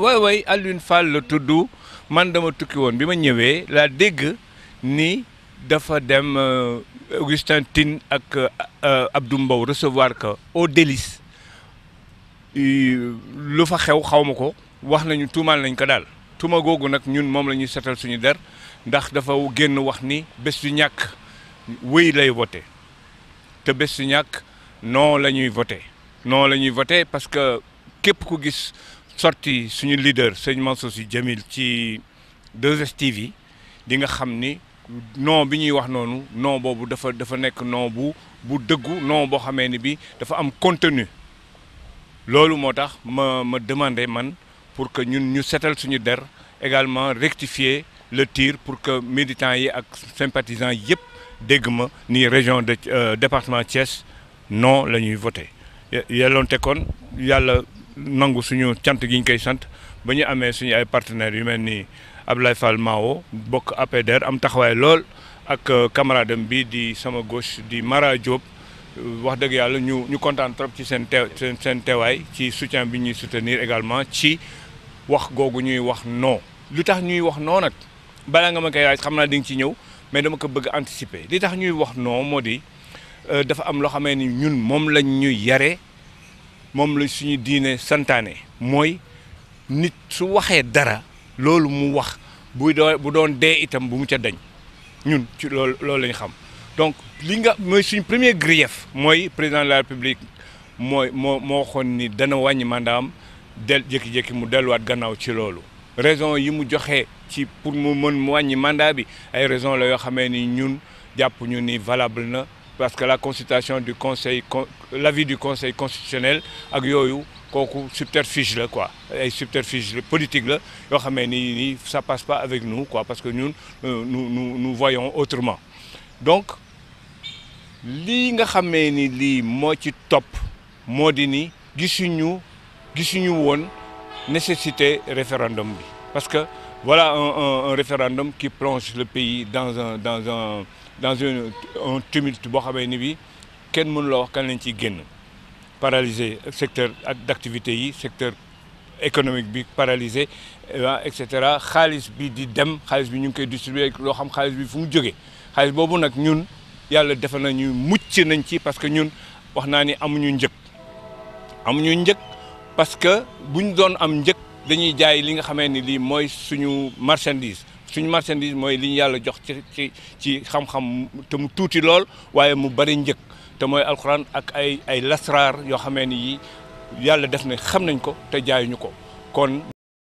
waay waaye Alioune Fall la tudd man dama tukki woon bi ma ñëwee laa dégg ni dafa dem euh, Augustin Tine ak euh, Abdou Mbow recevoir que au délice lu fa xew xaw ma ko wax nañu tuumaal nañ ko daal tuuma googu nag ñun moom la ñuy setal suñu der ndax dafa génn wax ni bés yu ñàkk wéy lay voté te bés yu ñàkk non la ñuy voté non la ñuy voté parce que képp ko gis sorti suñu leader sëñ Mansour Sy Djamil ci 2STV di nga xam ni non bi ñuy wax noonu non boobu dafa dafa nekk non bu bu dëggu non boo xamee ni bi dafa am contenu loolu moo tax ma ma demandé man pour que ñun ñu setal suñu der également rectifier le tir pour que militants yi ak sympathisants yëpp dégg ma ni région de euh, département Thiès non la ñuy voté kon yàlla nangu suñu cant gi ñu koy sant ba ñu amee suñu ay partenaires yu mel nii Ablaye Fall Mao bokk APDR am taxawaay lool ak euh, camarade bi di sama gauche di Mara Diop wax dëgg yàlla ñu ñu kontaan trop ci seen seen teewaay ci soutien bi ñuy soutenir également ci wax googu ñuy wax noo li tax ñuy wax noo nag balaa nga ma koy laaj xam naa di nga ci ñëw mais dama ko bëgg anticiper li tax ñuy wax noo moo di euh, dafa am loo xamee ni ñun moom lañ ñuy yare moom la suñu diine santaane mooy nit su waxee dara loolu mu wax buy doo bu doon dee itam bu mu ca deñ ñun ci loolu loolu lañ xam donc li nga mooy suñu premier grief mooy président de la république mooy moo moo waxoon ni dana wàññi mandaam del jékki-jékki mu delluwaat gannaaw ci loolu raison yi mu joxe ci pour mu mën mu wàññi mandat bi ay raison la yoo xamee ni ñun jàpp ñu ni valable na parce que la consultation du conseil l'avis du conseil constitutionnel ak yooyu kooku subterfuge la quoi ay subterfuge politique la yoo xamee ni nii ça passe pas avec nous quoi parce que ñun euh, nous nous nous voyons autrement donc lii nga xamee ni lii moo ci topp moo di ni gisuñu gisuñu woon nécessité référendum bi parce que Voilà un, un, un, référendum qui plonge le pays dans un, dans un, dans une, boo xamee ni bi kenn mënuloo wax kan lañ ci génn paralysé secteur d'activité yi secteur économique bi paralysé euh, et cetera xaalis bi di dem xaalis bi ñu ngi koy distribuer loo xam xaalis bi fu mu jógee xaalis boobu nag ñun yàlla defal nañu mucc nañ ci parce que ñun wax naa ni amuñu njëg amuñu njëg parce que buñ doon am njëg dañuy jaay li nga xamee ni lii mooy suñu marchandise suñu marchandise mooy li ñu yàlla jox ci ci ci xam-xam te mu tuuti lool waaye mu bari njëkk te mooy alxuraan ak ay ay lasraar yoo xamee ni yii yàlla def na xam nañ ko te jaayuñu ko kon